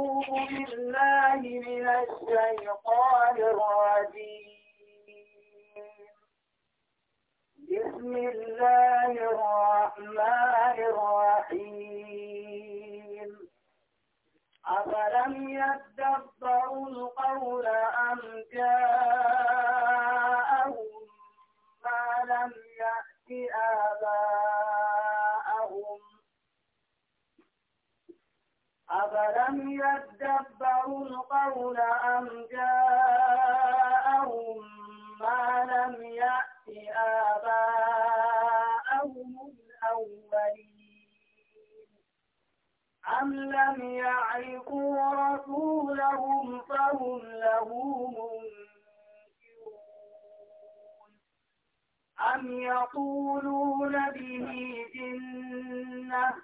أعوذ بالله من الشيطان الرجيم بسم الله الرحمن الرحيم أفلم يتدبروا القول أم جاءهم ما لم يأت آبائهم أفلم يدبروا القول أم جاءهم ما لم يأت آباءهم الأولين أم لم يعرفوا رسولهم فهم له منكرون أم يقولون به جنة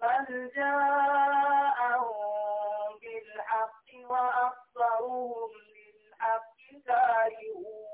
بل جاءهم بالحق وأكثرهم للحق كارهون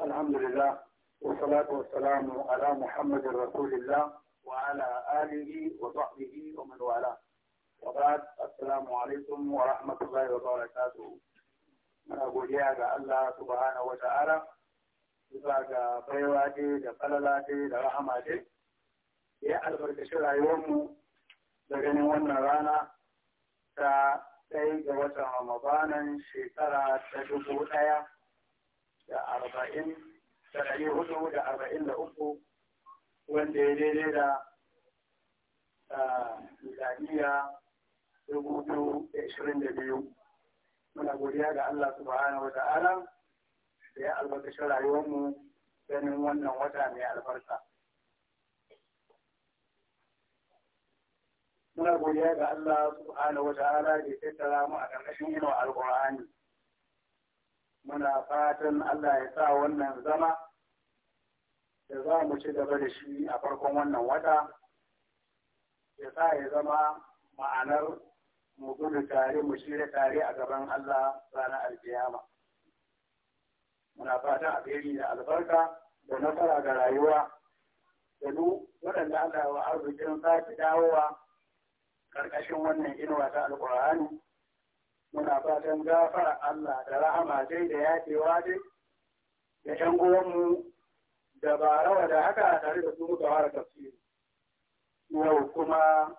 الحمد لله والصلاة والسلام على محمد رسول الله وعلى آله وصحبه ومن والاه وبعد السلام عليكم ورحمة الله وبركاته muna godiya ga Allah subhanahu wata ta'ala bisa ga baiwa ce da falala ce da rahama ce ya albarkaci rayuwarmu da ganin wannan rana ta ɗaya wata watan ramadanan shekara ta dubu ɗaya da arba'in da ɗari da arba'in da uku wanda ya daidai da miladiya dubu biyu da ashirin da biyu muna godiya ga Allah subhanahu wa ta'ala da ya albarkaci rayuwarmu ganin wannan wata mai albarka muna godiya ga Allah subhanahu wa ta'ala da ya tattara mu a ƙarƙashin inuwa alƙur'ani muna fatan Allah ya sa wannan zama da za mu ci gaba da shi a farkon wannan wata ya sa ya zama ma'anar mu gudu tare mu shirya tare a gaban Allah ranar alkiyama. Muna fatan alheri da albarka da nasara ga rayuwa da duk waɗanda Allah wa arzikin sake dawowa ƙarƙashin wannan inuwa ta alƙur'ani. Muna fatan gafara Allah da rahama dai da yafewa dai da ‘yan uwanmu da ba da haka tare da su muka fara tafsiri yau kuma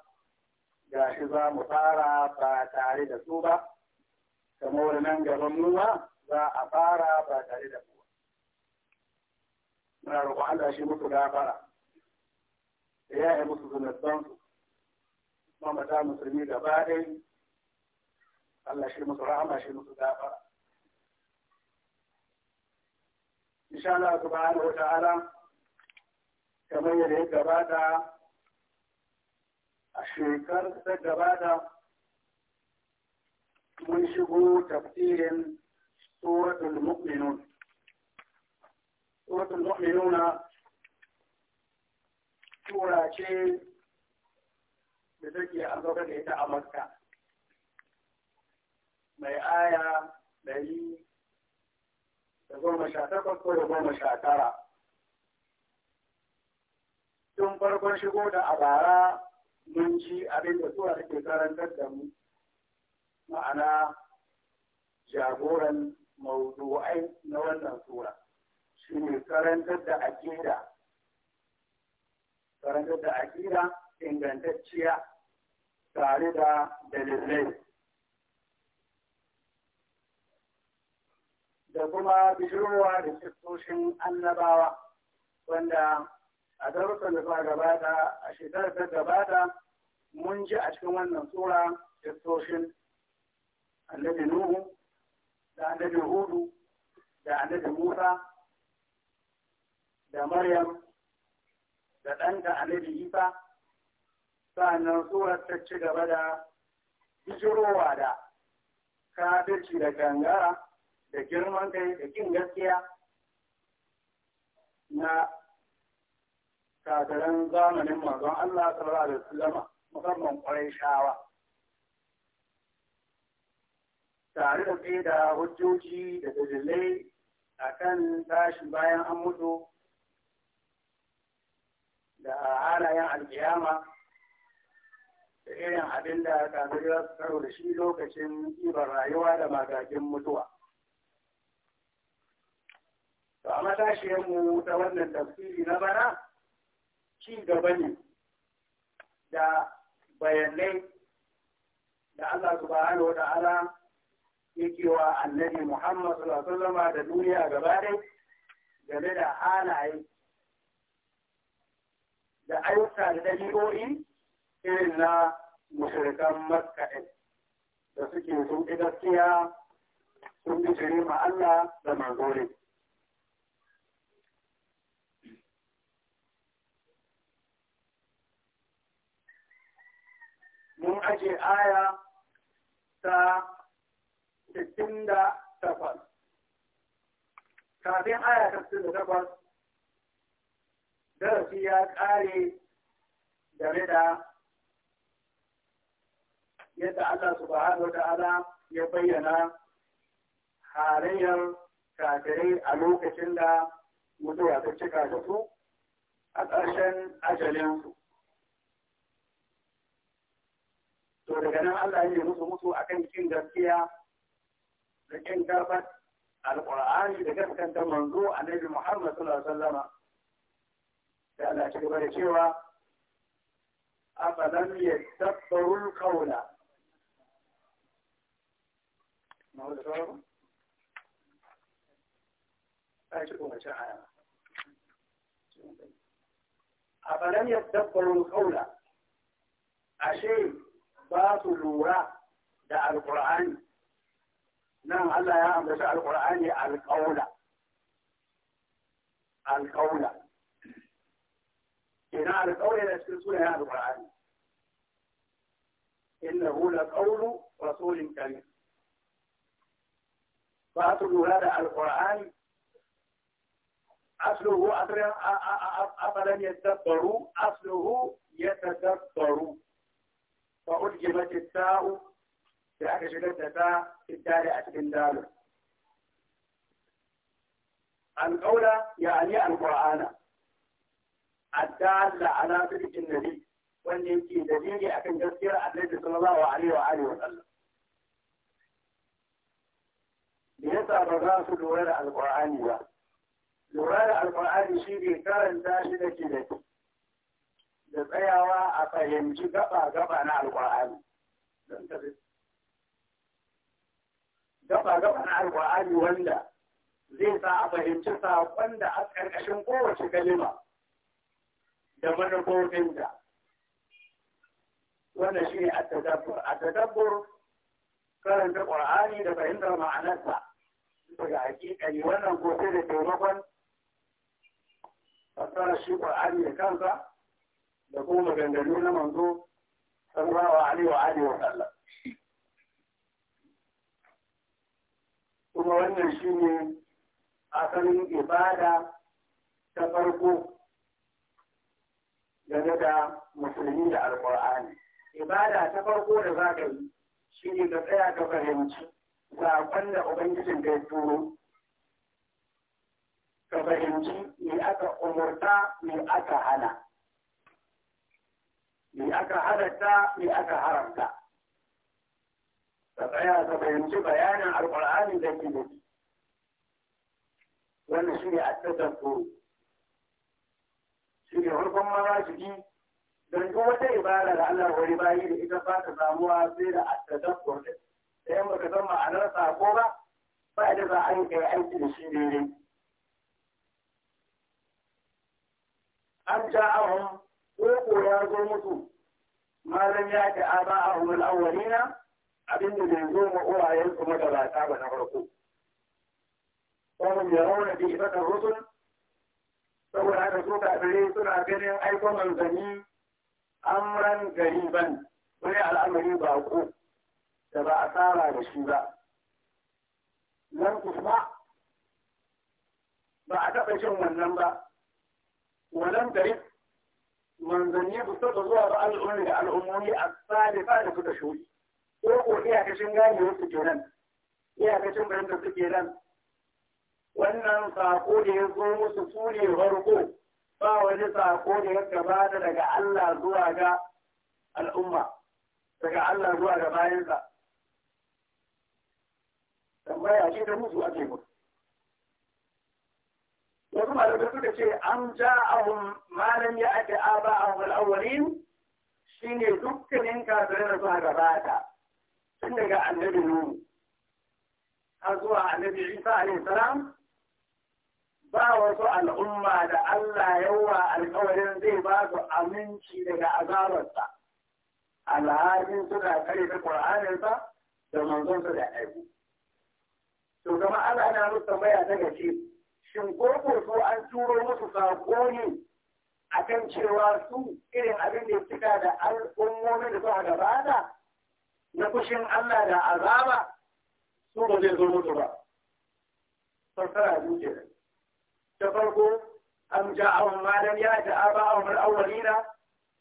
ga shi za mu fara ba tare da su ba kamar nan gaban nuna za a fara ba tare da kowa muna roƙon Allah shi musu gafara da ya yi musu zunubansu mamata musulmi gaba ɗaya Allah shi musu rahama shi musu gafara insha Allah subhanahu wa ta'ala kamar yadda ya gabata a shekar ta gabata mun shigo tafsirin suratul mu'minun suratul mu'minun sura ce da take a gaba da ita a makka mai aya da goma sha takwas ko da goma sha tara. Tun farkon shigo da abara mun ci abin da suwa take karantar da mu ma'ana jagoran mawdu'ai na wannan sura shi ne karantar da aƙida karantar da aƙida ingantacciya tare da dalilai da kuma bijirowa da siffoshin annabawa wanda a darussan da suka gabata a shekarar da gabata mun ji a cikin wannan tsura siffoshin annabi nuhu da annabi hudu da annabi musa da maryam da ɗanta annabi isa sa'annan surar ta ci gaba da bijirowa da kafirci da gangara da girman kai da kin gaskiya na kakarin zamanin mazan Allah sallallahu alaihi wasallam musamman kwarai shawa tare da ke da hujjoji da dalilai akan tashi bayan an mutu da halayen alkiyama da irin abin da kakarin karo da shi lokacin ibar rayuwa da magagin mutuwa to a mu ta wannan tafsiri na bana ci gaba ne da bayanai da Allah subhanahu wa ta'ala yake wa annabi Muhammad sallallahu alaihi da duniya gaba ɗaya game da halaye da ayyuka da dabi'o'i irin na mushrikan Makka da suke sun gaskiya sun bi shirin Allah da manzoni. mun aje aya ta sittin da takwas kafin aya ta sittin da takwas darasi ya ƙare game da yadda Allah subhanahu wa ta'ala ya bayyana halayyar kafirai a lokacin da mutuwa ta cika da su a ƙarshen ajalinsu. to daga nan Allah ya musu musu akan kin gaskiya da kin karbar alqur'ani da gaskanta manzo annabi Muhammad sallallahu alaihi wasallama da Allah ya gaba da cewa afalam yadabbaru alqawla mawdu أفلم يتدبروا القول أشيء أقباط النورة دع القرآن نعم الله يا أمد القرآن القولة القولة إن القولة لا يسكتون يا القرآن إنه لقول رسول كريم فأطر النورة دع القرآن أصله أطر أطر أطر أطر أصله يتدبروا فأرجمت التاء بعد شدد تاء في الدالة بالدالة الأولى يعني القرآن الدالة على فرج النبي والنبي الذي أكن جسر النبي صلى الله عليه وآله وسلم ليس الرغاف لغير القرآن لغير القرآن شيء كان ساشد جدتي da tsayawa a fahimci gaba-gaba na alƙur'ani gaba-gaba na alƙur'ani wanda zai sa a fahimci saƙon da a ƙarƙashin kowace kalima da manufofinta wannan shi ne a tadabbur karanta ƙur'ani da fahimtar ma'anarsa daga hakikani wannan gobe da taimakon fassara shi ƙur'ani da kansa da kuma maganganu na manzo sallallahu alaihi wa alihi wa sallam kuma wannan shine asalin ibada ta farko game da musulmi da alqur'ani ibada ta farko da za ka yi shine ka tsaya ka fahimci saƙon da ubangijin ka ya turo ka fahimci me aka umurta me aka hana me aka halatta me aka haramta ka tsaya ka fahimci bayanin alƙur'ani da ke da wannan shi ne a tattako shi ne farkon maza jiki don duk wata ibada da Allah wani bayi da ita ba ta samuwa sai da at-tadakkur da sai in baka san ma'anar sako ba ba da za a yi kai aiki da shi daidai an ja'ahum ko ya zo musu malam ya ta aba a umar awalina abinda bai zo ma su magabata ba na farko. Wani yaro na bi ibadar rusun, saboda haka su kafirai suna ganin aikon manzanni amran ban wani al'amari ba ku da ba a tsara da shi ba. Nan kuma ba a taɓa jin wannan ba, wannan gari manzanni su taɓa zuwa ga al'ummi da al'ummomi a salifa da suka shuɗi ko ko iyakacin gane wasu ke nan iyakacin bayan da suke nan wannan sako da ya zo musu su ne farko ba wani sako da ya gabata daga Allah zuwa ga al'umma daga Allah zuwa ga bayansa tambaya ce da musu ake mutu wasu da suka ce an ja'ahum malam ya ake aba a wal'awalin shi ne dukkanin kafirai da suka gabata tun daga annabi nuhu har zuwa annabi isa alaihi salam ba wasu al'umma da Allah yawa alkawarin zai ba su aminci daga azabarsa alhalin suna kare da ƙur'aninsa da manzonsa da aiki. To, Allah na rusa maya ta gaske shin gurgurzu an turo musu sako ne a kan cewa su irin abin da suka da al'ummomin da suka gabata na fushin Allah da azaba su ba zai zo musu ba. Sarkara duke Ta farko, an ja wani malam ya ja'aba a umar awwalina,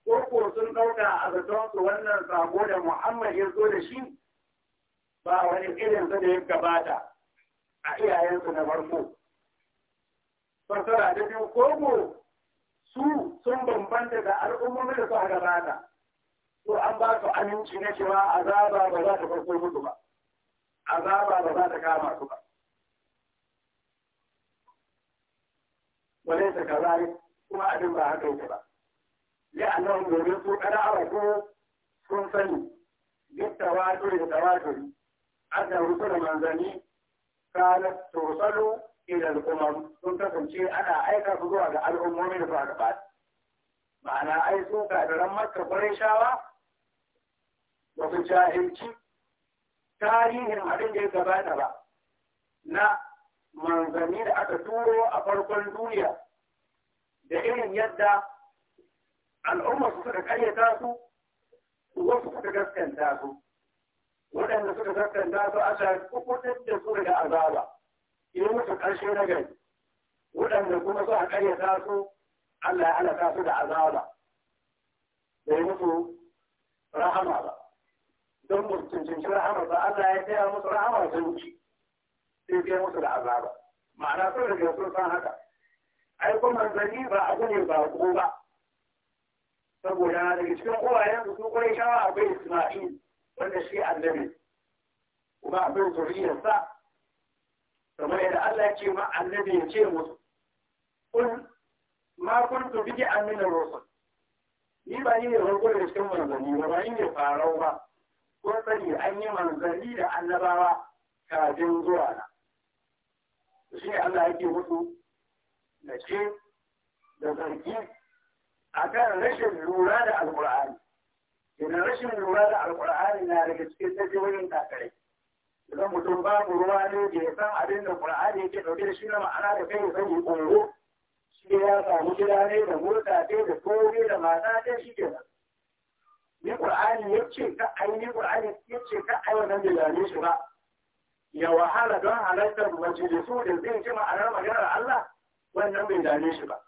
ko sun ɗauka a su wannan sako da Muhammad ya zo da shi ba wani irin su da ya gabata a iyayensu na farko. fasara da biyu ko su sun bambanta da al'ummomi da suka gabata to an ba su aminci na cewa azaba ba za ta farko musu ba azaba ba za ta kama su ba kaza كذلك kuma abin ba haka yake ba la'annahu domin su kada ko sun sani duk tawaduri da da annahu da manzani kana tusalu ila al-umam sun kasance ana aika su zuwa da al'ummomi da suka ba ma'ana ai su ka ran makka kwarai shawa ba su jahilci tarihin abin da ya gabata ba na magani da aka turo a farkon duniya da irin yadda al'umma su suka kayyata su wasu suka gaskanta su waɗanda suka gaskanta su a shafi kukutun da su daga azaba. yi musu ƙarshe na gari waɗanda kuma ƙarya ƙaryata su Allah ya halaka su da azaba bai musu rahama ba don mutuncinci rahama ba Allah ya taya musu rahama sun ci sai kai musu da azaba ma'ana sun riga sun san haka ai kuma manzanni ba abu ne ba ko ba saboda daga cikin kowayen su sun kwaye shawa akwai Isma'il wanda shi annabi kuma akwai zuriyarsa kamar yadda Allah ya ce ma annabi ya ce musu kun ma kuntu biki amina rusul ni ba ni ne farko da cikin manzanni ba ba ni ne farau ba kun sani an yi manzanni da annabawa kafin zuwa na shi ne Allah yake musu na ce da zargi a kan rashin lura da alƙur'ani idan rashin lura da alƙur'ani na daga cikin tafiyoyin takarai idan mutum babu ruwa ne da ya san abin da Qur'ani yake ɗauke da shi na ma'ana da kai ya yi shi ya samu gida ne da mota ce da tobe da mata ce shi ke nan ni Qur'ani ya ce ka ai ya ka wannan bai gane shi ba ya wahala don halartar majalisu da zai ji ma'anar maganar Allah wannan bai gane shi ba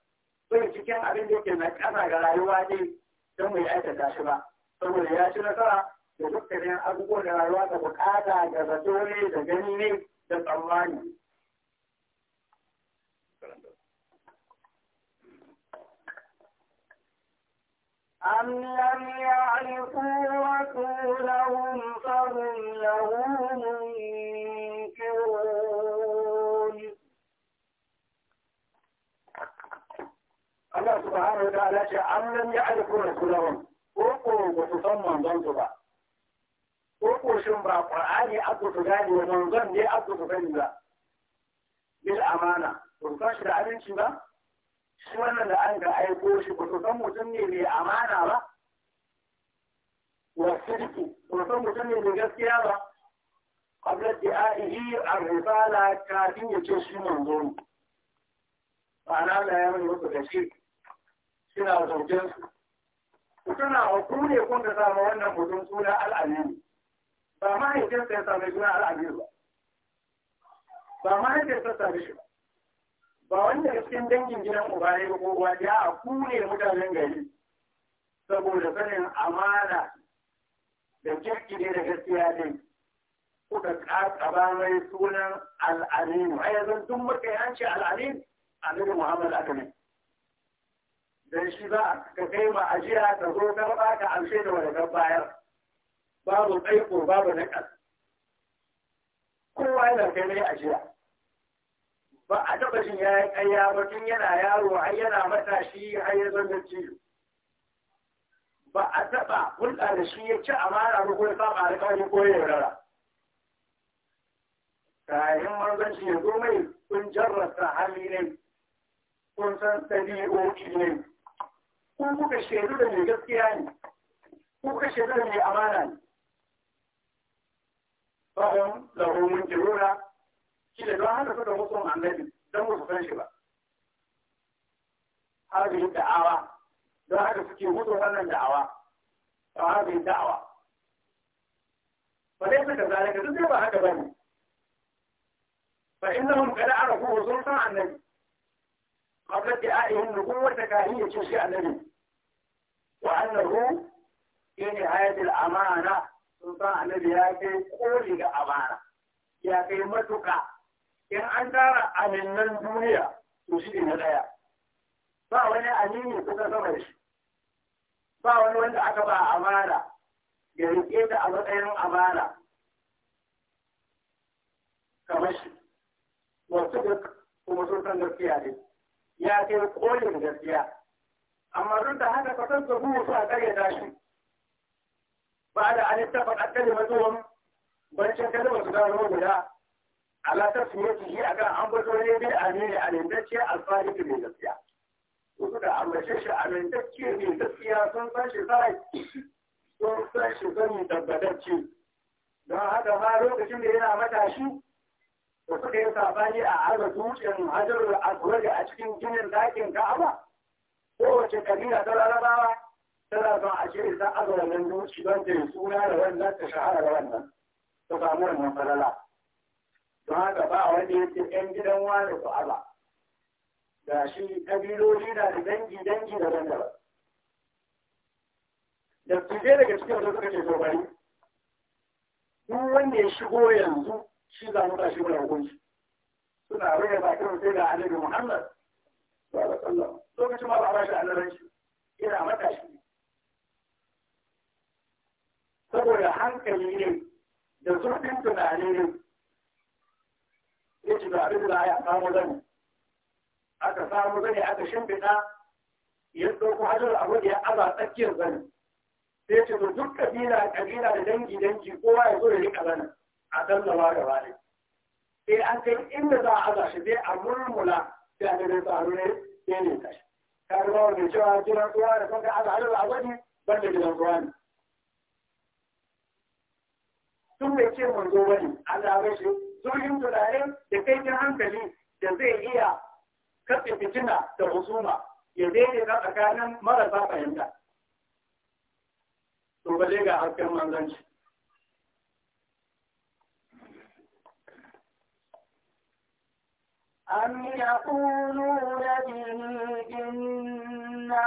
sai cikin abin da yake na ƙasa ga rayuwa ne don mai aikata shi ba saboda ya ci nasara da dukkanin abubuwan da rayuwa da bukata da zato ne da gani ne da tsammani. أم لم يعرفوا رسولهم فهم له منكرون الله سبحانه وتعالى أم لم يعرفوا رسولهم وقوا وتصمم ذنبها ko ba ƙwar'ani abu su gane wa manzon ne abu su gani ba bil amana ba san shi da aminci ba shi wannan da an ga aiko shi ba san mutum ne mai amana ba wa sirki ba san mutum ne mai gaskiya ba a da'ihi a rufala kafin ya ce shi manzo ne ma'ana da ya mai wasu da shi suna zargin su suna hukune kun da sama wannan mutum suna al'amini ba mahaifiyarsa ya same shi na al'abir ba ba mahaifiyarsa same shi ba ba wanda cikin dangin gidan uba ne ko uwa ya a kune mutanen gari saboda sanin amana da kirki ne da gaskiya ne kuka kakaba mai sunan al'aminu a yanzu duk muka yi yanci al'amin aminu muhammad aka ne dan shi za ka kai ma ajiya ka zo karɓa ka amshe da wani bayar babu aiko, babu naƙas kowa yana kai mai ajiya ba a taɓa jin ya yi ƙarya ba tun yana yaro har yana matashi har ya zama ciwo ba a taɓa hulɗa da shi ya ci amara ko ya saba alƙawari ko ya yarda kayan manzanci ya zo mai kun jarrasa hali ne kun san ɗabi'o'i ne kun kuka shaidu da mai gaskiya ne kuka shaidu da mai amana ne fahim lahu munkirun shi ne don haka suka musu annabi don musu san shi ba hadhihi da'awa don haka suke musu wannan da'awa fa hadhihi da'awa fa dai suka zalika duk ba haka bane fa innahum annabi قبل ادعائهم نبوة كاهية شيء النبي وأنه في نهاية الأمانة sun san annabi ya kai koli ga abara ya kai matuka in an tara aminan duniya to shi ne na daya ba wani amini kusa sama da shi ba wani wanda aka ba abara ya rike ta a matsayin amana kamar shi wasu duk kuma sun san gaskiya ne ya kai kolin gaskiya amma duk da haka ka san su a karyata shi ba da an tabbata kalimatuhum bancin kalmar su gano guda ala tasmiyati shi akan an bazo ne bil amini alindacce alfariki mai gaskiya wasu da ambace shi amintacce mai gaskiya sun san sani tabbatacce don haka ma lokacin da yana matashi da suka yi sabani a arba dutsen hajarul aswad a cikin ginin dakin ka'aba kowace kabila ta larabawa tana son a ce idan aka wannan zuci don ta yi suna da wannan ta shahara da wannan ta samu wannan falala don haka ba wanda ya ce yan gidan wani ku ala ga shi ƙabiloli na da dangi dangi da ban daban da tuje daga cikin wasu suka ce tobari duk wanda ya shigo yanzu shi za mu tashi mana hukunci suna rage bakin sai ga annabi Muhammad lokacin ma ba a bashi annabanci yana matashi saboda hankali ne da zurfin tunani ne ya ci zaɓi da ya samu zani aka samu zani aka shimfiɗa ya ɗauko hajjar abu da ya aza tsakiyar zani sai ce duk ƙabila ƙabila da dangi dangi kowa ya zo da rika zani a da gaba ne sai an kai inda za a aza shi sai a murmula sai a gani tsaro ne sai ne ta ka ga ba wani cewa jiran tsuwa da kanka aza hajjar abu ne ban da jiran tsuwa ne sun bai ce manzo bane Allah ya shi zurfin turare da kaifin hankali da zai iya katse fitina da husuma ya daidaita tsakanin marasa fahimta to balle ga harkar manzanci أم يقولون به جنة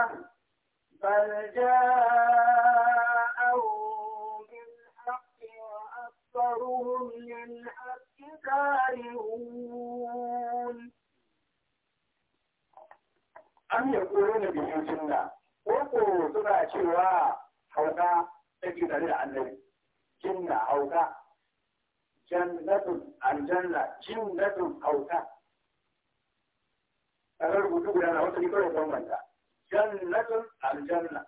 بل جاء أكثرهم للحق كارهون أم يقولون به سنة وقو سنة شواء حوضا تجد دليل عن النبي جنة حوضا جنة الجنة جنة حوضا أغير قدوك لأنا وصلي كل يوم جنة الجنة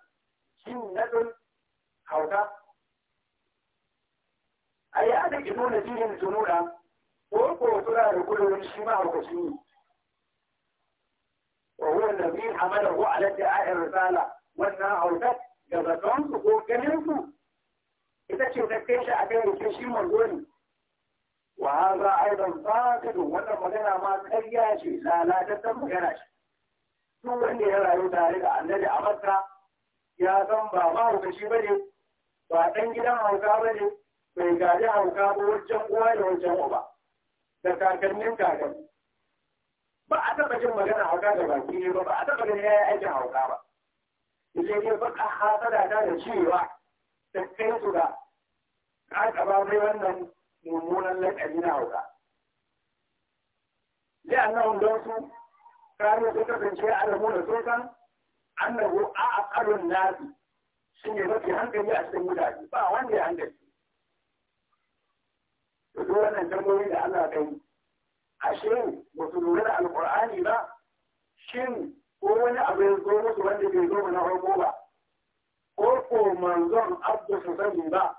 جنة حوضا a ya ada ibu jirin tunura ko ko tura da kudurin shi ma a kwashi ne wa wurin da biyu hamada ko risala wannan hautar da zatonsu ko ganinsu ita ce ta kai shi a kan rikin shi manzo ne wa haza aidan fasidu wannan magana ma karya ce lalatattar magana ce Su wanda ya rayu tare da annabi a makka ya san ba ma hukashi ba ne ba ɗan gidan hausa ba ne bai gaji hauka ba wajen uwa da wajen uba da kakannin kakanni ba a taɓa jin magana hauka da baki ne ba ba a taɓa ganin yayi aikin hauka ba ba ka hata da ta da cewa da kai su da ƙaƙaba mai wannan mummunan lakari na hauka Jiya annahun don su kare su kasance alamu da sun san annahu a akalun nasi shine mafi hankali a cikin mutane ba wanda ya hankali da duk wannan dabbobi da Allah kai ashe ba su lura da alkur'ani ba shin ko wani abu ya zo musu wanda bai zo na farko ba ko ko manzon abu su sani ba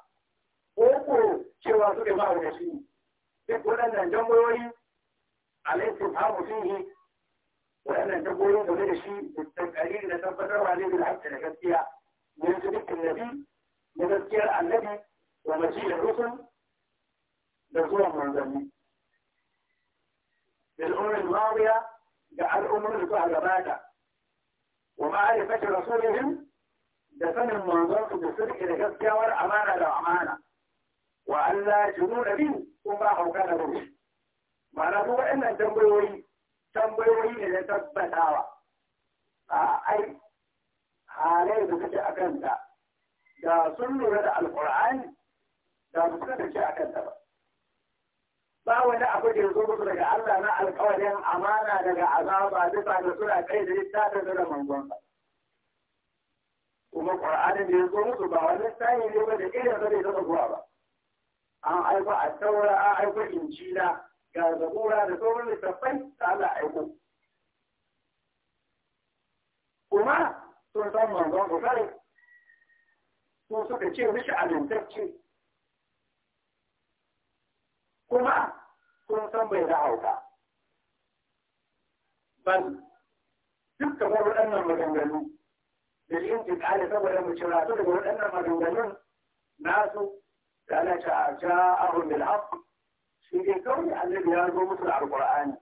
ko ko cewa suke ba da shi duk waɗannan dabbobi alaikum hamu fihi waɗannan dabbobi game da shi da da tabbatarwa ne da hakka da gaskiya min su dukkan nabi na gaskiyar annabi wa majiyar rusul da zuwan manzanni الماضية جعل الأمم لها غباتا ومعرفة رسولهم دفن منظرة بالصدق لقد جاور أمانة لو أمانة وأن لا جنون به وما هو كان به ما نقول إن إلى تنبوي إذا تبتاوى آه، أي حالي بكتي أكنتا دا سنة القرآن دا بكتي أكنتا ba wani abu da zo musu daga Allah na alƙawarin amana daga azaba duka da suna kai da littafin da manzon sa kuma ƙwararren da ya zo musu ba wani sani ne ba da irin zai bai zuwa ba an aiko a taura an aiko injila ga zabura da sauran littattafai da Allah aiko kuma sun san ko sa sun suka ce mishi amintacce kuma kun san bai da hauka Ban duk kamar waɗannan maganganu da yin jikali saboda mu cira su daga waɗannan maganganun nasu da ana ce a ja'ahun bil haqq shi ne kawai annabi ya zo musu da alqur'ani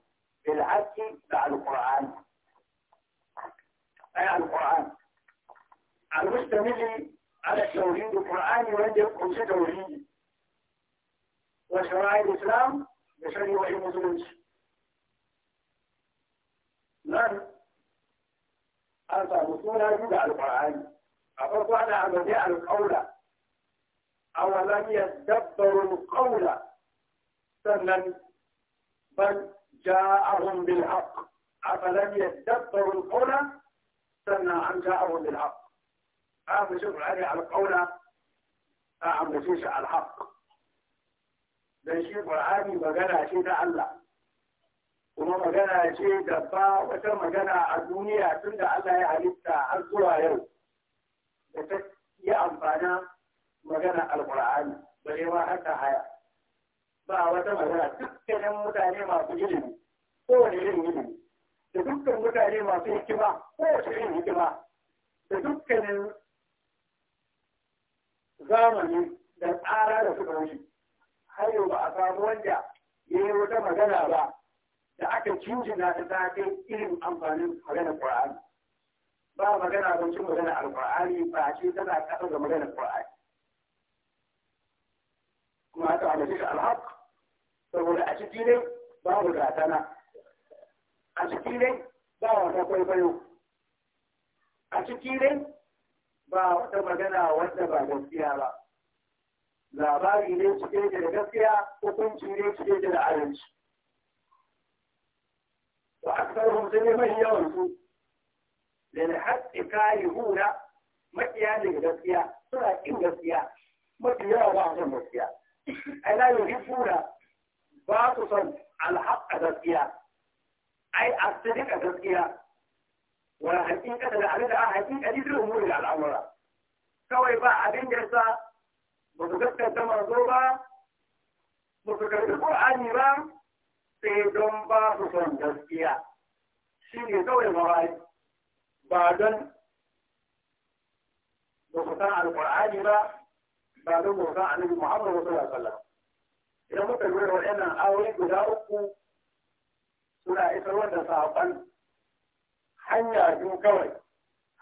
bil haqqi da alqur'ani ay alqur'ani al-mustamili ala tawhid alqur'ani wanda ya kunshi tauhidi وشرائع الإسلام بشريعة المسلمين نعم أنت مسؤول على القرآن أفرض على القولة أو لم يدبروا القول سنا بل جاءهم بالحق أفلم يدبروا القول سنة أن جاءهم بالحق هذا شوف عليه على القول أعم على الحق don shi Qur'ani magana ce ta Allah kuma magana ce da ba wata magana a duniya tun da Allah ya halitta har zuwa yau da ta yi amfana magana alƙur'ani bare ma har ta haya ba wata magana dukkanin mutane masu ilimi kowane irin ilimi da dukkan mutane masu hikima kowace irin hikima da dukkanin zamani da tsara da suka wuce har yau ba a samu wanda ya yi wata magana ba da aka cinci na ta kai irin amfanin maganar Qur'ani ba magana don cin magana alqur'ani ba ce tana kasar da maganar Qur'ani kuma haka wanda mace alhaq saboda a ciki ne babu gatana a ciki ne ba wata kwaikwayo a ciki ne ba wata magana wanda ba gaskiya ba labari ne cike da gaskiya hukunci ne cike da adalci wa aksarhum sai mai yawan su lil haqqi karihuna makiya ne gaskiya suna kin gaskiya mafi yawa ba son gaskiya ai la yuhibbuna ba su son alhaqqa gaskiya ai a gaskiya wala haqiqa da abin da a haqiqa da umuri da al'amura kawai ba abin da sa. ba su gaskata manzo ba ba su karbi Qur'ani ba sai don ba su son gaskiya shi ne kawai mawari ba don ba su san al alƙur'ani ba ba don ba su san annabi Muhammad sallallahu alaihi wasallam idan muka lura waɗannan aure guda uku suna isar wanda saƙon hanya biyu kawai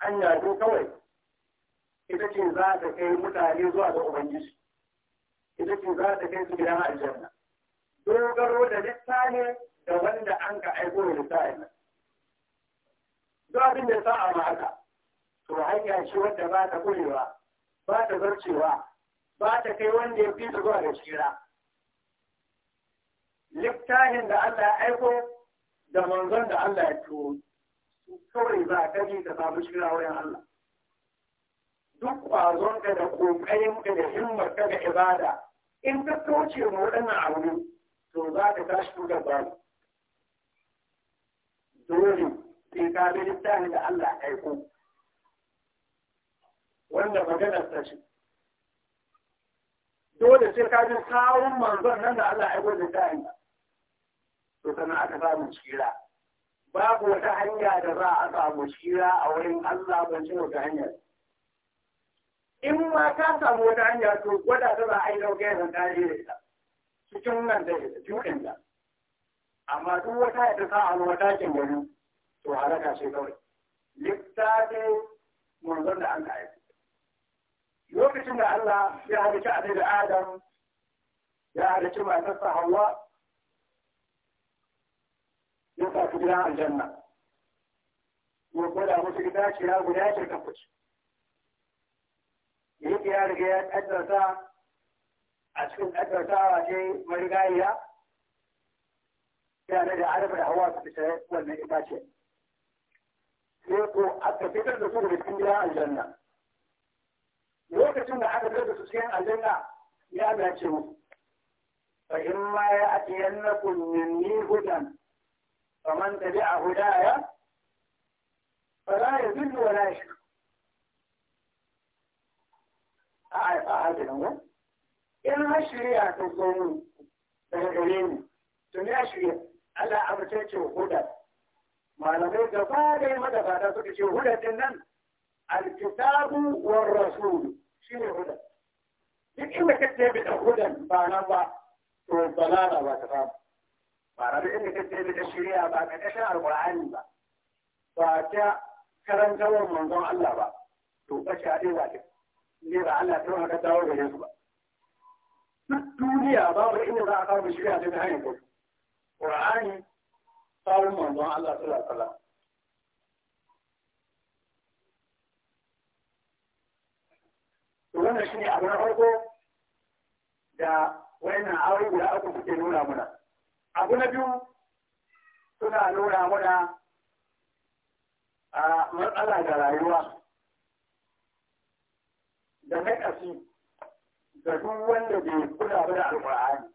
hanya biyu kawai ita ce za ta kai mutane zuwa ga Ubangiji, ita ce za ta kai su gidan aljanna. Dogaro da littani da wanda an ka aiko da littani Zuwa Duk abin da sa a haka, to hanya ce wadda ba ta kurewa, ba ta zarcewa, ba ta kai wanda ya fi zuwa da shira. Littafin da Allah ya aiko da manzon da Allah ya turo, kawai za ka ji ka samu shira wurin Allah. duk ƙwazon ka da ƙoƙarin ka da himmar ka da ibada in ka kauce mu waɗannan abu to za ka tashi tuka ba dole sai ka bi littafin da Allah aiko wanda maganar ta ce dole sai ka bi sawun manzon nan da Allah aiko da yi to sannan aka samu shira babu wata hanya da za a samu shira a wurin Allah ban ci wata hanyar in ma ka samu wata hanya to gwada ta za a yi dauke da dare da ita cikin nan da ita juɗin da amma duk wata ya ta sa a wata kin gari to halaka ce kawai littafin manzon da an aiko lokacin da Allah ya halicci da Adam ya halicci matarsa Hawwa ya sa gidan aljanna ya gwada musu itaciya guda ce ta kuce. yake ya riga ya ƙaddarta a cikin ƙaddartawa ce marigayiya yana da arba da hawa su fita wannan itace sai ko aka fitar da su da cikin gidan aljanna lokacin da aka fitar da su cikin aljanna ya dace mu fa in ma ya atiyannakum minni hudan faman tabi'a hudaya fala yadhillu wa la yashqa a aifa adalin wa in har shari'a ta zo daga gare mu to ne a shari'a Allah amintacce hudar malamai gaba da yi magabata suka ce hudar din nan alkitabu wa rasulu shi ne hudar duk inda ka ce bi da hudar ba nan ba to balala ba ta samu ba rabi inda ka ce bi da shirya ba ka kashin alkur'ani ba ba ta karantarwar manzon Allah ba to kashi a ɗaya ba ne ba Allah ta haka dawo gare su ba duk duniya babu inda za a kawo shirya ta hanyar gudu Qur'ani tsawon manzon Allah sallallahu alaihi wasallam wannan shine abu na farko da wayannan aure guda uku suke nuna muna abu na biyu suna nuna muna a matsala ga rayuwa da na ƙashi da duk wanda bai kula ba da alƙur'ani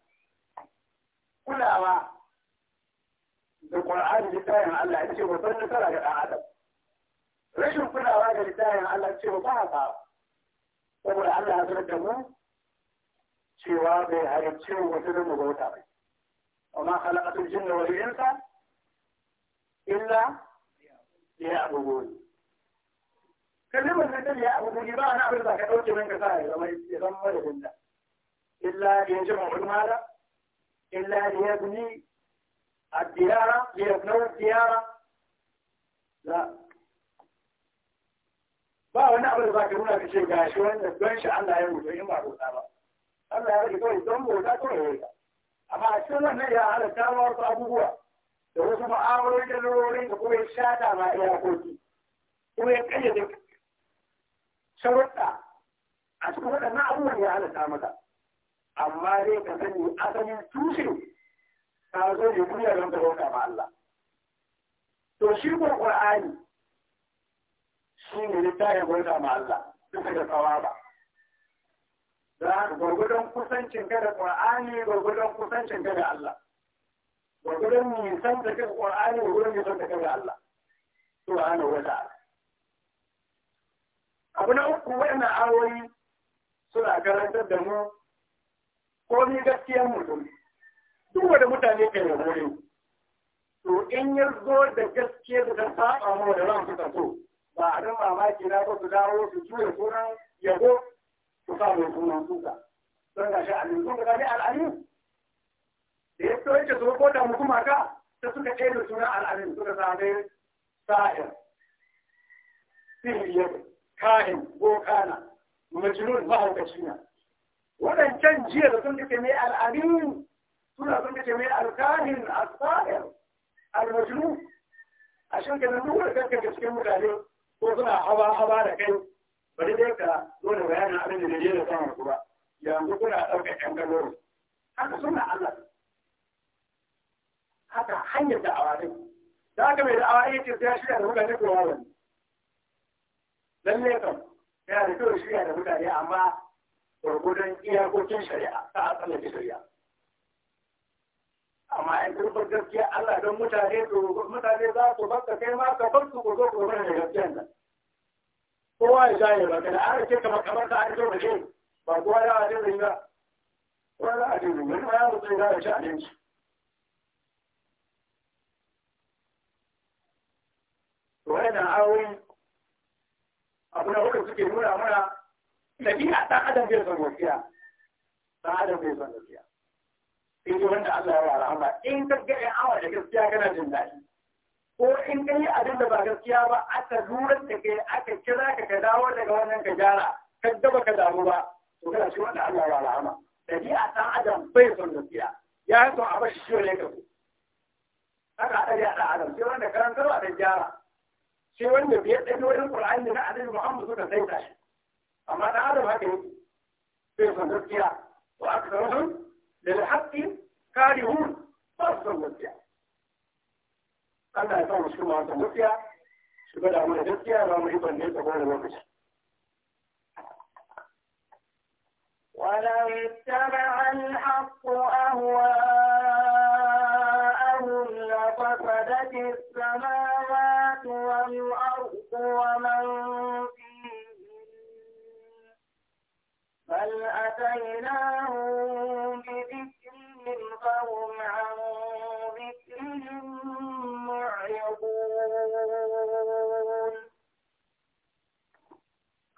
kulawa da ƙur'ani littafin Allah ya ce ba san nasara ga ɗan adam rashin kulawa da littafin Allah ya ce ba ba. saboda Allah ya sanar da mu cewa bai halicce wata da mu bauta jin وما خلقت الجن والإنس إلا ليعبدون كلمة النبي يا أبو مجيبا أنا أقول لك أقول من كفاية لما يضمر بالله إلا ينجمع المال إلا ليبني الديارة ليبنوا الديارة لا ba wani abu da za ka nuna ka ce ga shi wanda don shi Allah ya rubuta in ba rubuta ba Allah ya rage kawai don rubuta kawai ya rubuta amma a cikin wannan ya halatta ma wasu abubuwa da wasu ma'amalolin da lurorin da kuma ya shata ma iyakoki kuma ya kayyade sharuɗa a cikin waɗannan abubuwan ya halatta maka amma dai ka sani asalin tushe ta zo ne kuma don ta bauta ma Allah to shi ko Qur'ani shi ne littafin bauta ma Allah duka da tsawaba da gurgudan kusancin ka da Qur'ani gurgudan kusancin ka da Allah gwargwadon nisan da ka Qur'ani gwargwadon nisan da ka da Allah to ana ta'ala abu na uku wayannan awoyi suna karantar da mu ko ni gaskiyar mutum duk wanda mutane ke yabo ne to in ya zo da gaskiyar da ta saba mu da ran suka so ba a dan mamaki na ko su dawo su juya sunan yabo su sa mai sunan suka don ga shi al'amin sun ga al'amin da ya so yake su ko da mu kuma ka ta suka ɗaya da sunan al'ani suka sa dai sa'ir sihir kahin ko kana majnun mahaukacina waɗancan jiya da sun kace mai al'adun suna sun kace mai alkahin asfa'ir al-majnun a shan ka nuna da kanka cikin mutane ko suna hawa hawa da kai bari dai ka zo da bayanin abin da dai da ku ba. yanzu kuna ɗaukar ƴan gano haka suna Allah haka hanyar da awarin da aka mai da awarin ce sai shi da mutane ko wani lalle kam yana da kyau shirya da mutane amma gwargwadon iyakokin shari'a ta asalar shari'a amma in turbar gaskiya Allah don mutane to mutane za su baka kai ma ka bar su gozo gozo da gaskiyan nan kowa ya shaye ba kada an rike kamar kamar ta an zo da shi ba kowa ya wajen ringa kowa za a je ringa ma ya mutu ya shi abinci to wannan aure abu na bakwai suke nuna mana ɗabi'a ɗan adam bai san gaskiya ɗan adam bai san gaskiya sai dai wanda Allah ya yi rahama in ka ga ɗan awa da gaskiya kana jin daɗi ko in ka yi abin da ba gaskiya ba aka lura da kai aka kira ka ka dawo daga wannan ka gyara ka gaba ka damu ba to kana shi wanda Allah ya yi rahama ɗabi'a ɗan adam bai san gaskiya ya yi son a bashi shi ne ka so haka a ɗan adam sai wanda karantarwa da gyara shi wanda bai ɗan wani Qur'ani da na Annabi Muhammad suka sai ta shi amma da Adam haka yake sai san gaskiya wa aktharuhum lil haqqi karihun ba su san gaskiya Allah ya sa mu shi ma san gaskiya shi ba da mu gaskiya ba mu iban ne tsawon lokaci ولو اتبع الحق أهواءهم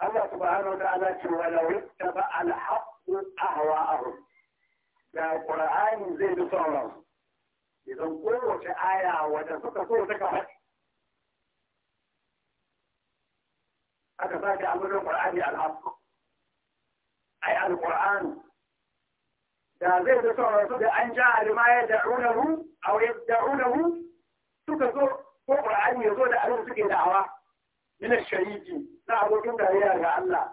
الله سبحانه وتعالى شو لو اتبع الحق أهواءهم يا القرآن زي بصورهم إذا قوش آية وتسكت صوتك حق أتفاجأ من القرآن يا الحق أي القرآن يا زيد صورة صدق أن جاء لما يدعونه أو يدعونه تكسر ko Qur'ani ya zo da abin suke da hawa, nuna shahidi na abokin tarayya ga Allah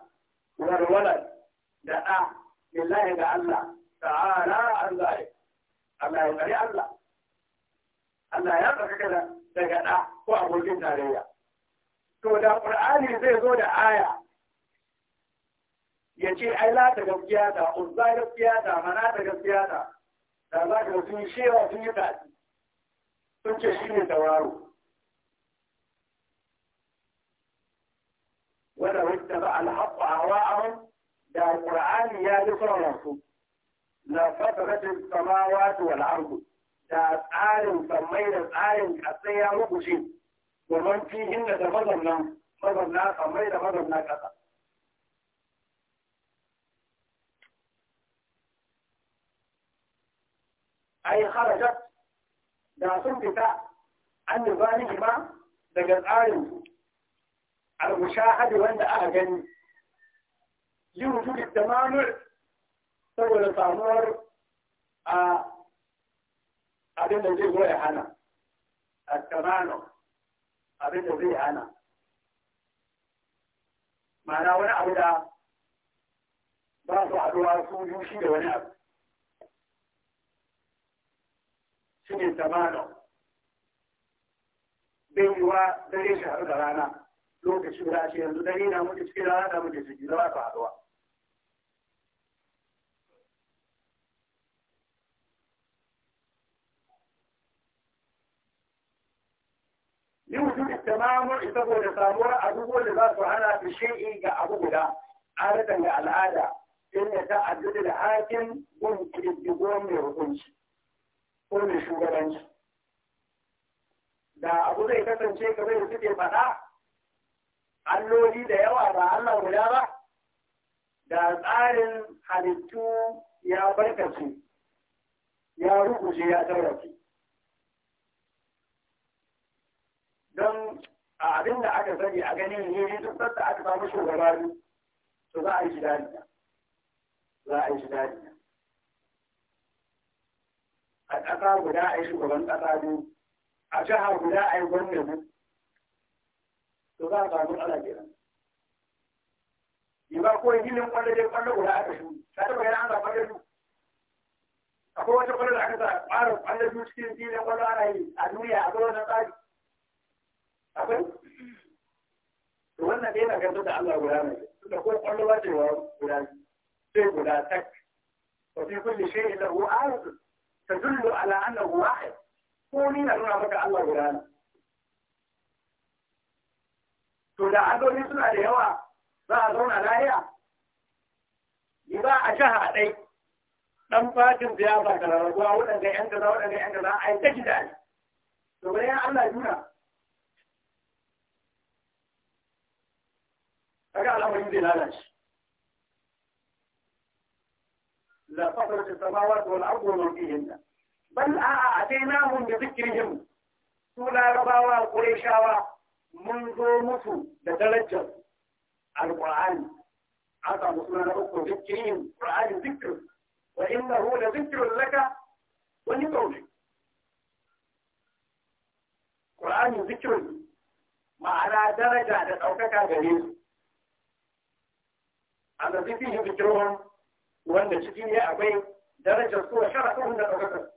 wal da da billahi ga Allah ta'ala Allah Allah ya tsare Allah Allah ya tsaka daga ɗa ko abokin tarayya to da Qur'ani zai zo da aya ya ce ai la ta gaskiya ta uzza gaskiya ta mana ta gaskiya ta da za ka sun shewa sun yi tafi sun ce shi ne tauraro ولو اتبع الحق أهواءهم ده القرآن يا ذكر رسول لفترت السماوات والأرض ده عالم سمينا حتى يا مبشين ومن فيهن ده فضلنا مضمنا سمينا فضلنا كذا أي خرجت ده سنبتا عن نظام ما ده قد آل المشاهدة وأن أهجن لوجود التمامع سوى التامر أبين آه. الذي هو إحنا التمانع أبين الذي إحنا معنى وأنا أولا بعض أدوار سوجوشي وأنا أبين شنو التمانع بين ودريش هذا الأنا lokaci guda ce yanzu dare na muke cikin rana da muke ciki za su haɗuwa yusuf tamamun saboda samuwar abubuwan da za su hana su shi'i ga abu guda adatan ga al'ada inda ta addada da hakin gun mai hukunci ko mai shugabanci da abu zai kasance kamar da suke faɗa alloli da yawa ba Allah guda ba da tsarin halittu ya barkace ya rukushe ya tarwace don a abin da aka sani a ganin yi duk da aka samu shugaba ne to za a yi shi dariya za a yi shi dariya a ƙasa guda a yi shugaban ƙasa ne a jihar guda a yi gwamnati to za a samu ala kenan ba ko hilin kwallo dai kwallo guda aka shi ta taba yana an zaɓa yadu akwai wata kwallo da aka sa ƙara kwallo biyu cikin filin kwallo ana yi a duniya akwai na tsari akwai to wannan dai na gantar da Allah guda ne tunda ko kwallo ba ce wa guda sai guda tak wa fi kulli shay'in lahu ayatun tadullu ala annahu wahid ko ni na nuna maka Allah guda ne to da alloli suna da yawa za a zauna lahiya yi za a jiha ɗai ɗan fatin da ya ba da rarrabuwa waɗanda ‘yan gaza waɗanda ‘yan gaza a yi ta gida ne to bayan Allah juna kaga al'amarin zai lalace la fatar ta samawati wal ardu wa a a bal a'a atainahum bi yin su larabawa shawa. mun zo musu da darajar alƙur'ani an samu suna na uku zikirin ƙur'ani zikir wa inna hu da zikirin laka wani kauli ƙur'ani zikirin ma'ana daraja da ɗaukaka gare su a da zikirin zikirin wanda ciki ne akwai darajar su wa sharafin da ɗaukakar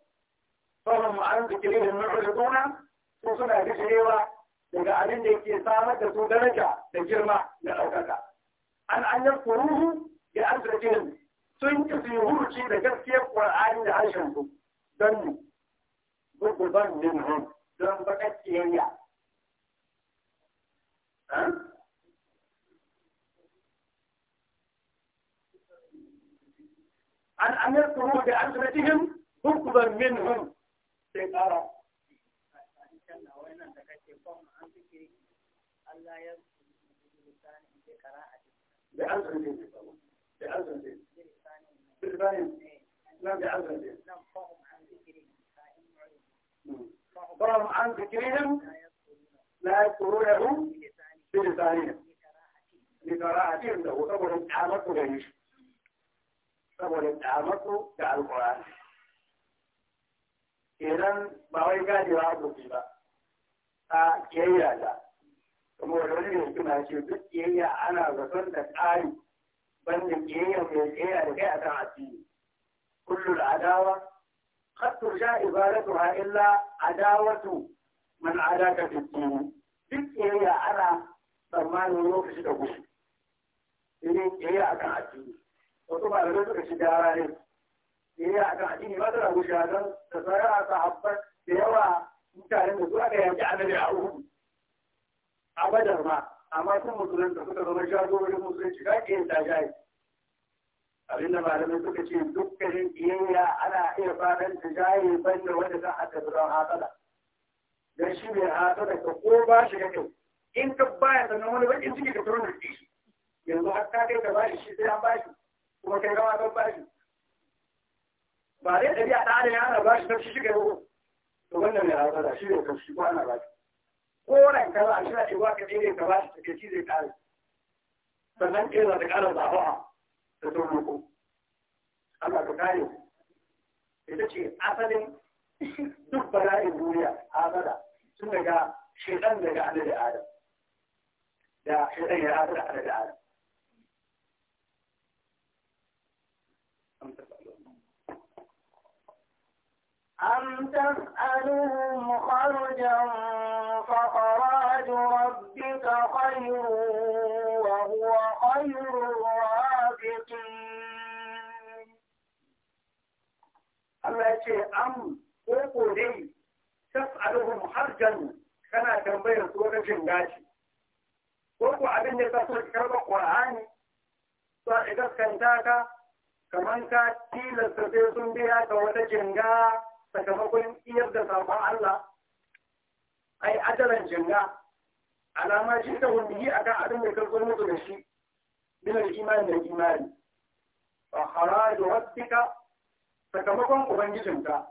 sauran ma'an zikirin mu'uliduna su suna bishirewa daga abin da yake samar da su daraja da girma da ɗaukaka an an yi kuruhu da an sarjinin sun ki su yi huruci da gaskiyar ƙwar'ani da harshen su don mu gudu ban min hun don baƙar an an yi kuruhu da an sarjinin gudu min hun sai ƙara يصم عن ذكره ألا يذكر بلسانه بقراءته بعزم عن فهم عن ذكرهم لا يذكرونه بلسانهم لقراءتهم له طبعا استعامته ليش طبعا استعامته كالقرآن إذا ما هو يقال يرى أبوك a kiyayya da kuma wani ne suna ce duk kiyayya ana zaton da tsari banda kiyayya mai kiyayya da kai akan addini kullu al'adawa qad turja ibadatuha illa adawatu man adaka fi din duk kiyayya ana tsammanin lokaci da gushi sai kiyayya akan addini wasu ba da suka shiga ranar kiyayya akan addini ba ta da gushi a don da tsara sahabbat da yawa Mutane da zuwa aka yanki annabi a uku a badar ma amma sun musulun da suka zama jagorin musulunci ga ke yin tajayi abinda malamai suka ce dukkanin biyayya ana iya faɗan tajayi banda wanda za a tafi don hasala don shi mai hasala ka ko ba shi da kyau. in ka baya sannan wani baƙin ciki ka turu da shi yanzu har ka kai ka ba shi sai an ba shi kuma kai gama kan ba shi ba zai ɗabi'a ɗan adam ya ana ba shi don shi shi ka yi wannan mai shi ne ko ana baki ko kaza a shirya ka dinga ka bashi ta kaci zai sannan ta ƙara da sauran ko Allah ka ita ce asalin duk bala'in duniya hasada sun daga shaidan daga adadin adam da shaidan ya adadin adam أم تسألهم خرجا فخراج ربك خير وهو خير الرازقين Allah ce am ko ko dai tas'aluhum harjan kana tambayar su rashin gashi ko ko abin da ka so karba Qur'ani to a gaskanta ka ka tilasta sai sun biya ka wata jinga sakamakon iyar da sabon Allah ai adalan jinga alama shi ta hundiyi akan abin da karkon mutu da shi bin imani da imani A haraju rabbika sakamakon ubangijinka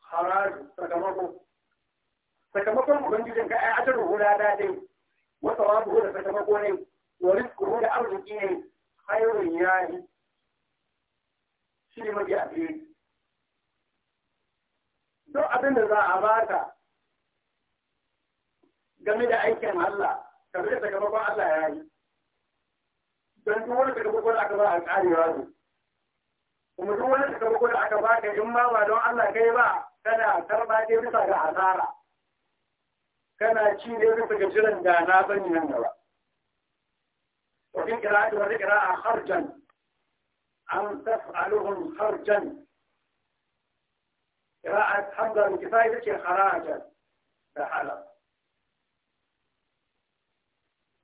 haraju sakamakon sakamakon ubangijinka ai ajar hula da dai wata wabu da sakamako ne wani rizqu da arziki ne khairun yayi shi ne mafi alheri duk abin da za a baka game da aikin Allah ka zai sakamakon Allah ya yi don duk wani sakamakon aka ba a karewa ne kuma duk wani sakamakon aka ba ka in ma ba don Allah kai ba kana karba dai bisa ga asara kana ci ne bisa ga jiran da na sani nan gaba وفي قراءة وذكرى خرجا أن تفعلهم Harjan. قراءة حمزة بن كفاية تشي خراجا بحلق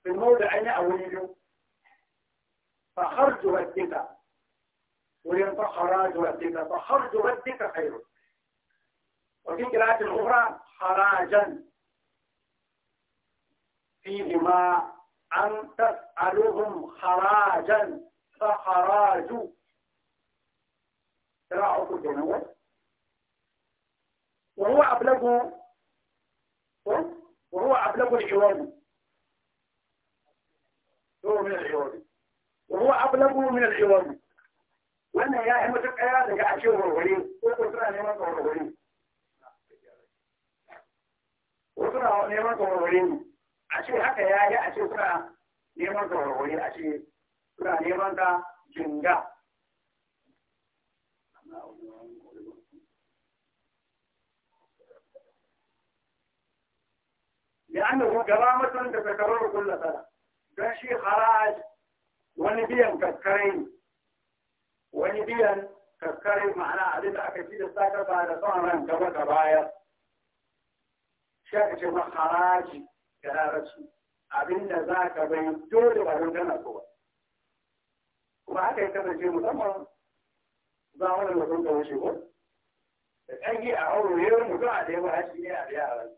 في الموضع أنا أوليه فخرج ودك ولين خراج ودك فخرج ودك خير وفي قراءة أخرى خراجا فيهما أن تسألهم خراجا فخراج قراءة جنوب وهو أبلغ وهو أبلغ العواب هو من wannan ya yi matuƙa daga ashe warware ko ko suna neman neman ka warware ne haka ya yi ashe suna neman ka warware ashe suna neman ka jinga لأنه كرامة تتكرر كل سنة فشي خراج ونبيا كذكرين ونبيا كذكرين معنى عدد أكثير الساكة بعد صهر كما كبايا شاك جمع خراج كرامة أبين ذاك بين جول وهندنا كوا وهذا يتبع جيم الأمر ظاهر المفروض وشيبه أجي أعور يرمو جعده وهشي يا أبيع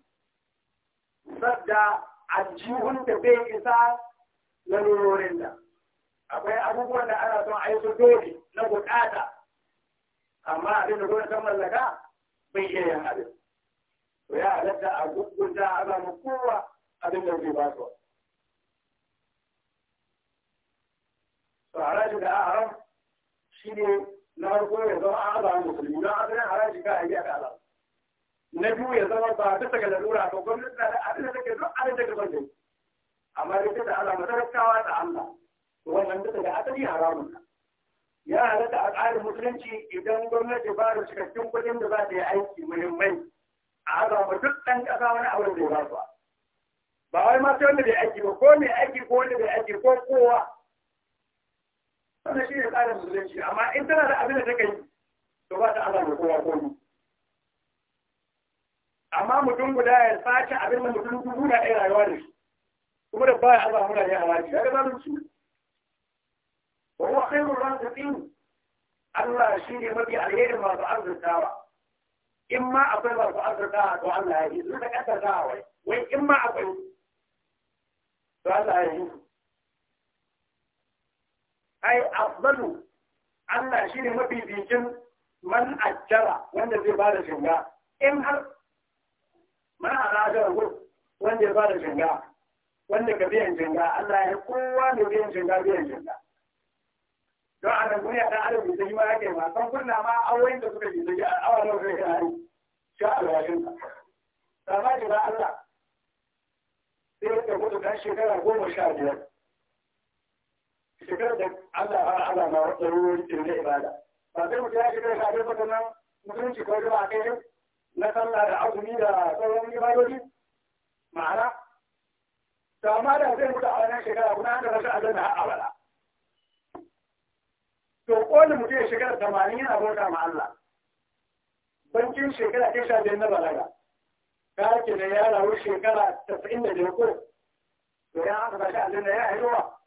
sadda jihun da bai isa lalurorin da akwai abubuwan da ana son a yi dole na buƙata amma abin da gwamnati ta mallaka bai iya yin abin to ya halatta a gugunta a zama kowa abin da zai ba su to haraji da haram shi ne na farko ya zama an azama musulmi don abin haraji ka a yi a kaza na biyu ya zama ba ta daga lalura ba gwamnati na da abin da take duk abin da ke gwamnati amma dai ta da Allah madarakawa da Allah wannan duka da asali haramun nan ya halatta a tsarin musulunci idan gwamnati ba da cikakken kuɗin da za ta yi aiki muhimmai a azaba duk ɗan ƙasa wani abin da ya ba ba wai ma sai wanda bai aiki ba ko mai aiki ko wanda bai aiki ko kowa wannan shi ne tsarin musulunci amma in tana da abin da take yi to ba ta azaba kowa ko ni amma mutum guda ya sace abin da mutum dubu na ɗaya rayuwa da shi kuma da baya Allah muna ne a wani ya gaba da su wa huwa khairur raziqin Allah shi ne mafi alherin masu arzikawa in ma akwai masu arzikawa to Allah ya yi su da kaddarawa wai wai in ma akwai to Allah ya yi ai afdalu Allah shi ne mafi bikin man ajjara wanda zai ba da shinga in har man arada hu wanda ya bada jinga wanda ka biyan jinga Allah ya kowa ne biyan jinga biyan jinga don a nan duniya dan adam bai ma yake ma san kunna ma auren da suka yi da awa nan sai ya yi sha Allah shin ta ba Allah sai ka gudu dan shekara goma sha biyar shekarar da Allah ya Allah ma wata ruwan ibada ba sai mutum ya shekara sha biyar ba nan mutunci kawai ba a kai na sallah da azumi da sauran ibadoji ma'ana to amma da zai mutu a wannan shekara kuna da rashin aljanna har abada to kone mutum ya shekara tamanin yana bauta ma Allah bankin shekara ke sha biyar na balaga ka ke da ya rayu shekara tasa'in da biyar ko to ya aka bashi aljanna ya haihuwa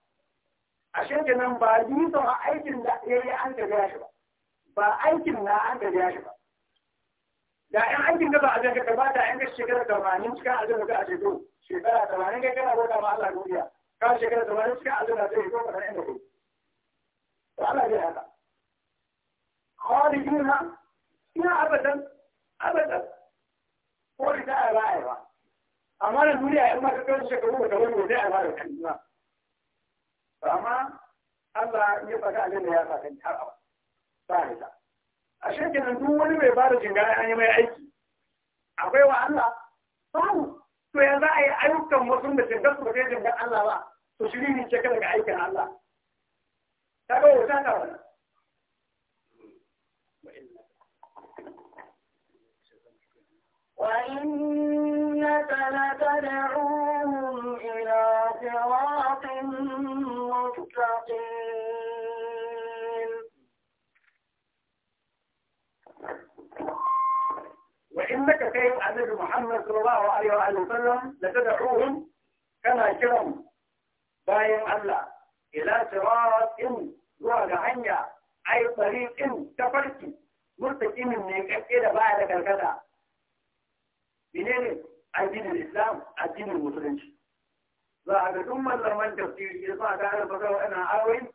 a shekin nan ba yi son aikin da ya yi an tafiya shi ba ba aikin na an tafiya shi ba da ƴan aikin da ba a zaka gaba da ƴan shekara tamanin cikin aljanna da a ceto shekara tamanin kai kana roƙa ma Allah duniya ka shekara tamanin cikin aljanna zai zo kamar inda kai to Allah zai haka kharijina ina abadan abadan ko da ta ra'ayi ba amma da duniya in ma ka kai shekaru ba ta wani gobe a ba da kan ba amma Allah ya faɗa abin da ya faɗa har abada ba a shekenan duk wani mai bada jingara an yi mai aiki akwai wa Allah samu to ya za a yi ayyukan wasu da jingar su ba zai Allah ba to shiri ne ce daga aikin Allah ta ga wuta na wannan وإنك لتدعو وإنك كيف أنك محمد صلى الله عليه وآله وسلم لتدعوهم كما شرم بايم ألا إلى صراط إن روح عنيا أي طريق إن كفرت مرتكين منك إلى بعدك كذا بنيني أدين الإسلام أدين المسلمين لأن ثم لما تفتي إذا كان فتوى أنا أوين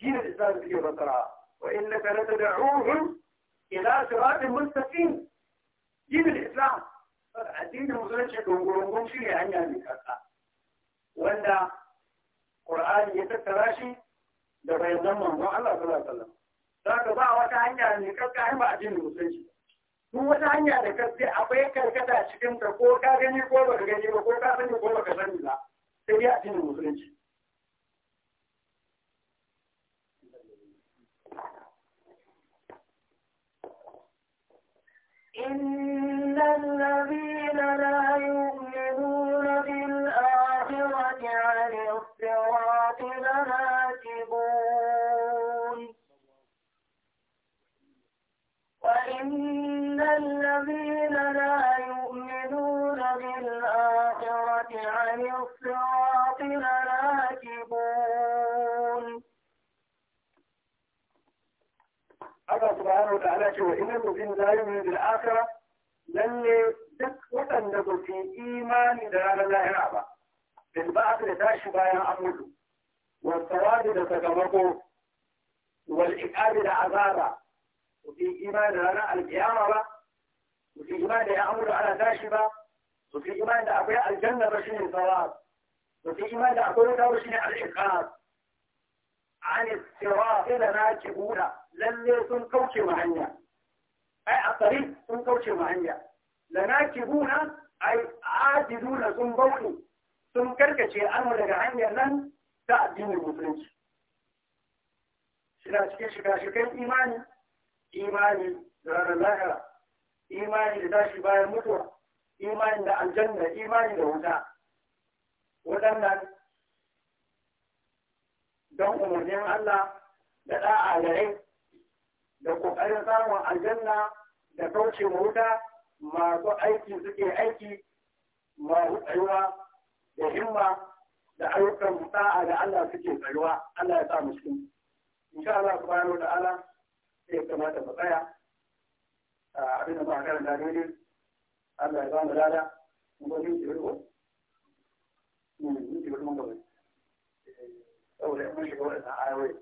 دين الإسلام في بصرة وإنك لتدعوهم إلى صراط مستقيم dinin islam addinin musulunci dungurungun shi ne hanya mai wanda qur'ani ya tattara shi da bayanan manzon Allah sallallahu alaihi wasallam ba wata addinin musulunci duk wata hanya da ka akwai karkata cikin ka ko ka gani ko baka gani ba ko ka sani ko baka sani ba sai dai addinin musulunci إن الذين لا يؤمنون بالآخرة عن الصراط لناكبون وإن الذين لا يؤمنون بالآخرة عن الصراط لناكبون subhanahu wa ta'ala ce wa innal ladina la yu'minuna bil akhirah lalle duk waɗanda ba su imani da ranar lahira ba bil ba'd da tashi bayan an mutu wal sawadi da sakamako wal iqabi da azaba ba su imani da ranar alkiyama ba ba su imani da ya amuru ana tashi ba ba su imani da akwai aljanna ba shine sawab ba su imani da akwai wuta ba shine al-iqab an istirafa da na kibuna lalle sun kauce ma hanya ai a tsari sun kauce ma hanya lanakibuna ai ajiduna sun bauɗe sun karkace annu daga hanyar nan ta addinin musulunci shiga cikin shiga shigar imani imani da ranar lahira imani da tashi bayan mutuwa imani da aljanna imani da wuta waɗannan don umarnin Allah da ɗa'a da rai da ƙoƙarin samun aljanna da kauce wuta masu aiki suke aiki masu tsayuwa da himma da ayyukan sa'a da Allah suke tsayuwa Allah ya sa mu cikin insha Allah subhanahu ta'ala sai ya kamata mu tsaya abin da ba da daidai Allah ya ba mu lada mu ba mu jibi ko mu ruwa mun gaba hmm, eh, saboda mun shiga wannan ayoyi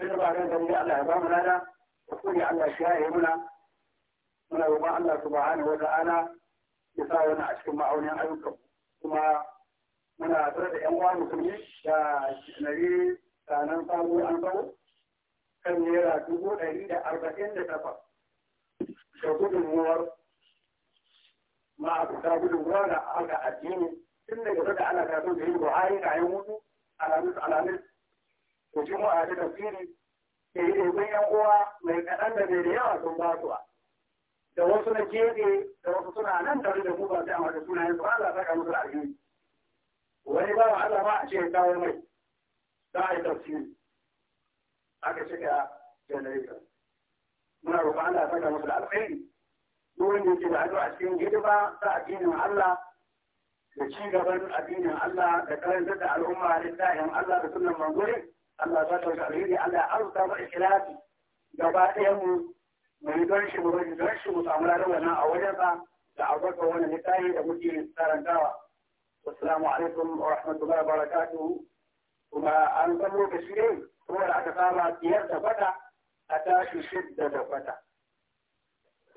rika ba ran gari Allah ya ba mu lada kuma Allah ya yi muna muna roƙon Allah subhanahu wa ta'ala ya sa wani a cikin ma'aunin ayyuka kuma muna tare da yan uwa musulmi da nari sanan sabo an sabo kan naira dubu ɗari da arba'in da takwas da gudunmuwar ma'abuta gudunmuwar da aka addini tun daga da ana kasuwa da yin buhari da yin mutu alamis alamis da a da tafiri ke yi ɗaiɗaikun yan uwa mai kaɗan da mai da yawa sun basuwa da wasu na gefe da wasu suna nan tare da mu ba sai amma da sunayen su Allah saka musu alheri wani ba wa Allah ba a ce kawo mai za a yi tafsiri aka cika generator muna roƙon Allah saka musu alheri duk wanda yake da addu'a cikin hidima ta addinin Allah da ci gaban addinin Allah da karantar da al'umma littafin Allah da sunan manzorin Allah za ta alheri Allah arzuta mu ikhlasi gaba ɗaya mu mu don shi mu bari don shi mu samu ladan wannan a wajen sa da albarka wani littafi da muke karantawa assalamu alaikum wa rahmatullahi wa barakatu. kuma an san lokaci ne kuma da aka saba biyar da fata a tashi shidda da fata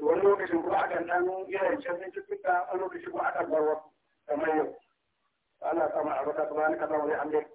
wani lokacin kuma akan dan irin canjin cututtuka wani lokacin kuma akan bar wasu kamar yau Allah ya samu albarka subhanaka Allahumma wa bihamdika